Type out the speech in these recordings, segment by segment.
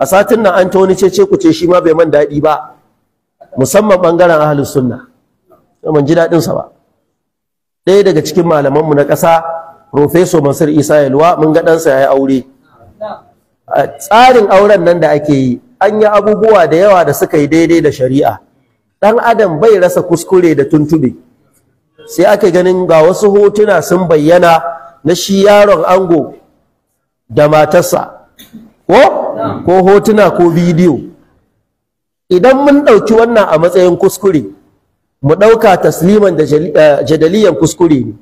a satin nan an ta wani cece ku ce shi ma bai man daɗi ba musamman ɓangaren ahalus sunna ban ji daɗinsa ba ɗaya daga cikin malamanmu na ƙasa profeso masir isa yalwa mun ga ɗansa ya yi aure tsarin auren nan da ake yi an yi abubuwa da yawa da suka yi daidai da shari'a ɗan adam bai rasa kuskure da tuntube sai ake ganin ga wasu hotuna sun bayyana na shi yaron ango da matarsa ko ko hotuna ko bidiyo idan mun ɗauki wannan a matsayin kuskure mu ɗauka tasliman da eh, jadaliyan kuskure ne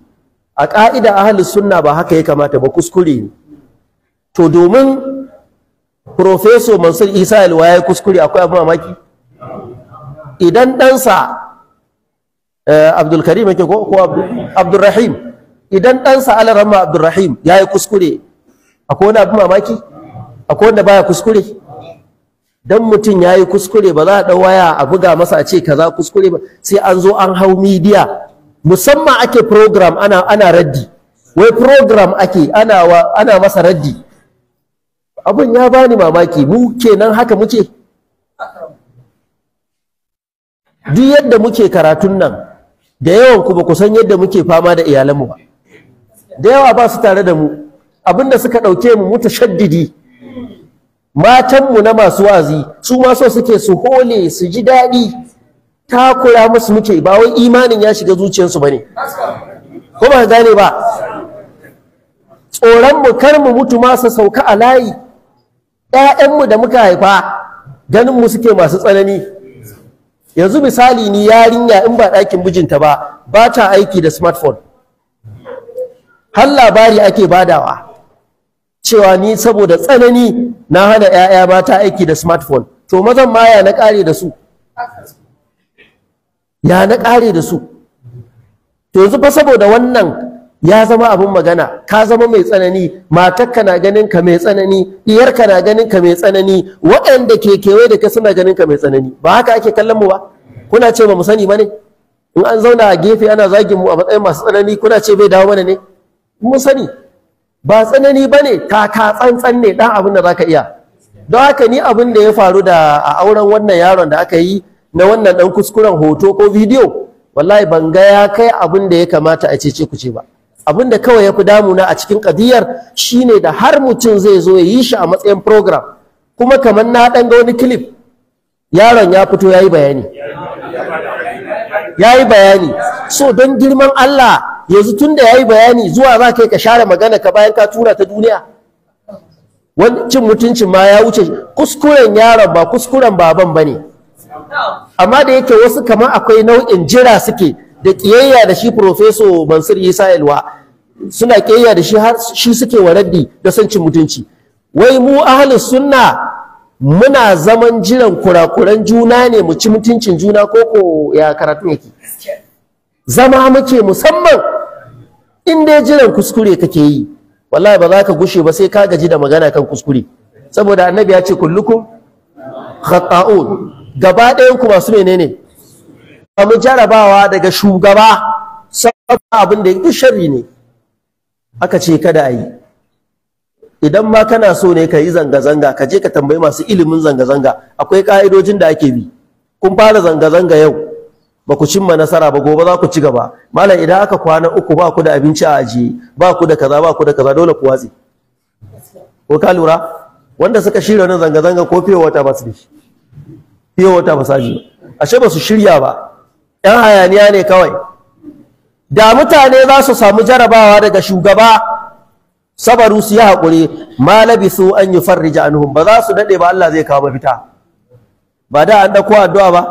a ƙa'ida ahli sunna ba haka ya kamata ba kuskure ne to domin profeso mansur isa alwaya ya kuskure akwai abu mamaki idan ɗansa eh, abdulkarim yake ko rahim idan ɗansa alarama abdulrahim ya yi kuskure akwai wani abu mamaki akwai wanda baya kuskure dan mutum yayi kuskure ba za a dau waya a buga masa a ce kaza kuskure ba sai an zo an hau media musamman ake program ana ana raddi wai program ake ana ana masa raddi abun ya bani mamaki mu kenan haka muke duk yadda muke karatun nan da yawan ku ba ku san yadda muke fama da iyalanmu ba da yawa ba su tare da mu abinda suka ɗauke mu mutashaddidi matanmu na masu wazi su ma so suke su hole su ji daɗi takura musu muke ba wai imanin ya shiga zuciyarsu ba ne ko ba gane ba tsoronmu kar mu mutu ma su sauka a layi ‘ya'yanmu da muka haifa ganinmu suke masu tsanani yanzu misali ni yarinya in ba ɗakin mijinta ba ba ta aiki da smartphone har labari ake badawa cewa ni saboda tsanani na hana 'ya'ya mata aiki da smartphone to mazan ma ya na ƙare da su ya na ƙare da su to yanzu fa saboda wannan ya zama abin magana ka zama mai tsanani matarka na ganin ka mai tsanani diyarka na ganin ka mai tsanani waɗanda ke kewaye da ka suna ganin ka mai tsanani ba haka ake kallon mu ba kuna ce ba mu sani ba ne in an zauna a gefe ana zagin mu a matsayin masu tsanani kuna ce bai dawo mana ne mun sani ba tsanani ba ne taka tsantsan ne ɗan abin da za ka iya don haka ni abin da ya faru da a auren wannan yaron da aka yi na wannan ɗan kuskuren hoto ko bidiyo wallahi ban ga ya kai abin da ya kamata a ce ce ku ce ba abin da kawai ya fi damuna a cikin ƙadiyar shine da har mutum zai zo ya yi shi a matsayin program kuma kamar na ɗan ga wani clip yaron ya fito ya yi bayani ya yi bayani so don girman Allah yanzu tun da ya yi bayani zuwa za ka ka share magana ka bayan ka tura ta duniya cin mutuncin ma ya wuce kuskuren yaron ba kuskuren baban ba ne. amma da yake wasu kamar akwai nau'in jira suke da kiyayya da shi profeso Mansur Isa Elwa suna kiyayya da shi har shi suke waraddi da son cin mutunci wai mu ahlus sunna muna zaman jiran kurakuran juna ne mu ci mutuncin juna ko ya karatu yake zama muke musamman in dai jiran kuskure kake yi wallahi ba za ka gushe ba sai ka gaji da magana kan kuskure saboda annabi ya ce kullukum khata'un gaba ɗayan ku masu menene mu jarabawa daga shugaba saboda abin da yake sharri ne aka ce kada a idan ma kana so ne ka yi zanga-zanga ka je ka tambayi masu ilimin zanga-zanga akwai ka'idojin da ake bi kun fara zanga-zanga yau ba ku cimma nasara ba gobe za ku ci gaba malam idan aka kwana uku ba ku da abinci a ajiye ba ku da kaza ba ku da kaza dole ku watsi ko ka lura wanda suka shirya wannan zanga-zanga ko fiye wata ba su da shi fiye wata ba saji ashe ba su shirya ba yan hayaniya ne kawai da mutane za su samu jarabawa daga shugaba sabaru su yi haƙuri ma labisu an yi farrija anhum ba za su daɗe ba Allah zai kawo mafita ba da an ɗauko addu'a ba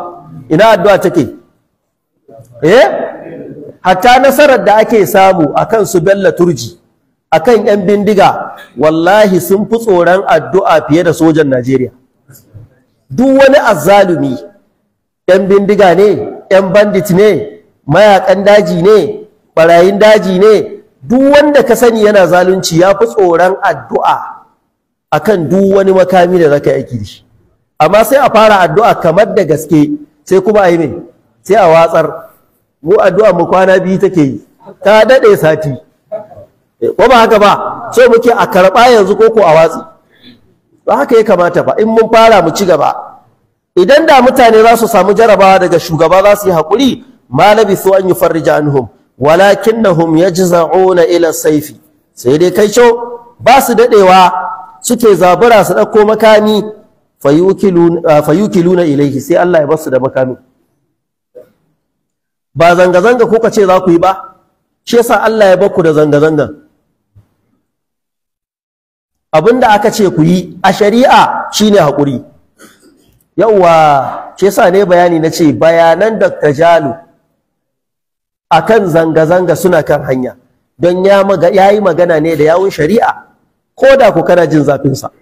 ina addu'a take eh hatta nasarar da ake samu akan su bella turji akan yan bindiga wallahi sun fi tsoron addu'a fiye da sojan Najeriya duk wani azzalumi yan bindiga ne yan bandit ne mayakan daji ne barayin daji ne duk wanda ka sani yana zalunci ya fi tsoron addu'a akan duk wani makami da zaka yi aiki amma sai a fara addu'a kamar da gaske sai kuma a yi mai sai a watsar mu addu'a mu kwana biyu take yi ta dade sati eh, ko ba haka ba so muke a karba yanzu ko ko a watsi ba haka ya kamata ba in mun fara mu ci gaba idan da mutane za su samu jarabawa daga shugaba za su yi hakuri malami su an yi yufarrija anhum walakinnahum yajza'una ila saifi sai dai kai co ba su dadewa suke zabura su dauko makami fayukiluna ilayhi sai Allah ya basu da makami ba zanga-zanga ko ka ce za ku yi ba shi yasa Allah ya baku da zanga-zanga abinda aka ce ku yi a shari'a shine haƙuri Yauwa, shi yasa ne bayani na ce bayanan Dr. Jalo akan zanga-zanga suna kan hanya don ya yi magana ne da yawun shari'a ko da ku kana jin zafinsa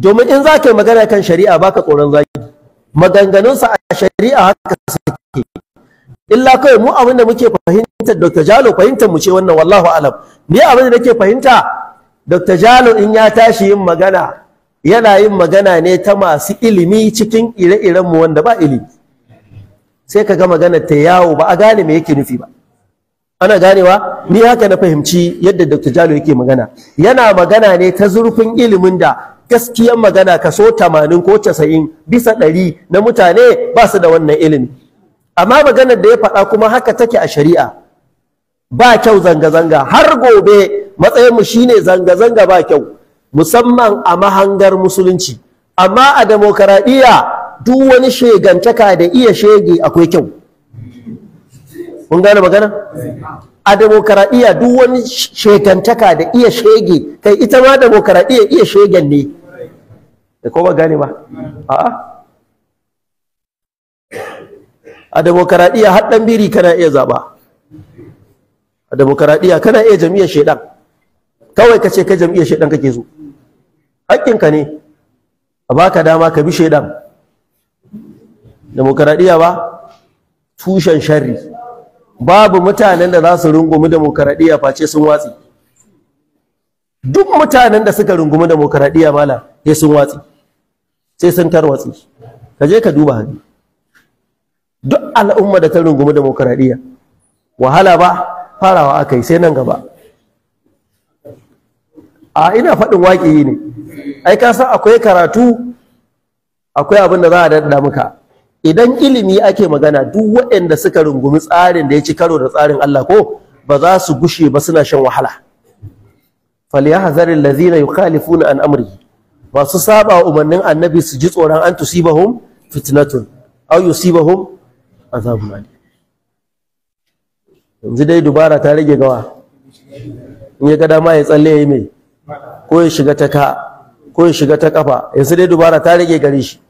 domin in za ka magana kan shari'a baka tsoron zaki maganganunsa a shari'a haka suke illa kawai mu abin da muke fahimtar Dr. Jalo fahimtar mu ce wannan wallahu alam ni abin da nake fahimta Dr. Jalo in ya tashi yin magana yana yin magana ne ta masu ilimi cikin ire-iren mu wanda ba ilimi sai kaga magana ta yawo ba a gane me yake nufi ba ana ganewa ni haka na fahimci yadda Dr. Jalo yake magana yana magana ne ta zurfin ilimin da gaskiyar magana kaso 80 ko 90 bisa 100 na mutane ba su da wannan ilimi amma maganar da ya faɗa kuma haka take a shari'a ba kyau zanga-zanga har gobe matsayinmu shine zanga-zanga ba kyau musamman a mahangar musulunci amma a demokaradiyya duk wani shegantaka da iya shege akwai kyau kun gane magana a demokaradiyya duk wani shegantaka da iya shege kai ita ma demokaradiyya iya shegen ne da ba gane ba a'a a demokaradiyya har biri kana iya zaba a demokaradiyya kana iya jami'ar shedan kawai ka ce ka jami'ar shedan kake so hakkinka ne a baka dama ka bi shedan demokaradiyya ba tushen sharri babu mutanen da za su rungumi demokaradiyya face sun watsi duk mutanen da suka rungumi demokaradiyya mala sai sun watsi sai sun tarwatsi ka je ka duba hannu duk al'umma da ta rungumi demokaradiyya wahala ba farawa aka yi sai nan gaba a ina faɗin waƙi ne ai ka san akwai karatu akwai abin da za a daɗa muka idan ilimi ake magana duk waɗanda suka rungumi tsarin da ya ci karo da tsarin Allah ko ba za su gushe ba suna shan wahala falyahzaril ladzina yukhalifuna an amri masu saba umarnin annabi su ji tsoron an tusibahum fitnatun aw yusibahum azabun alim yanzu dai dubara ta rage gawa in ya ga dama ya tsalle ya yi mai ko ya shiga ta ka ko ya shiga ta kafa yanzu dai dubara ta rage gare shi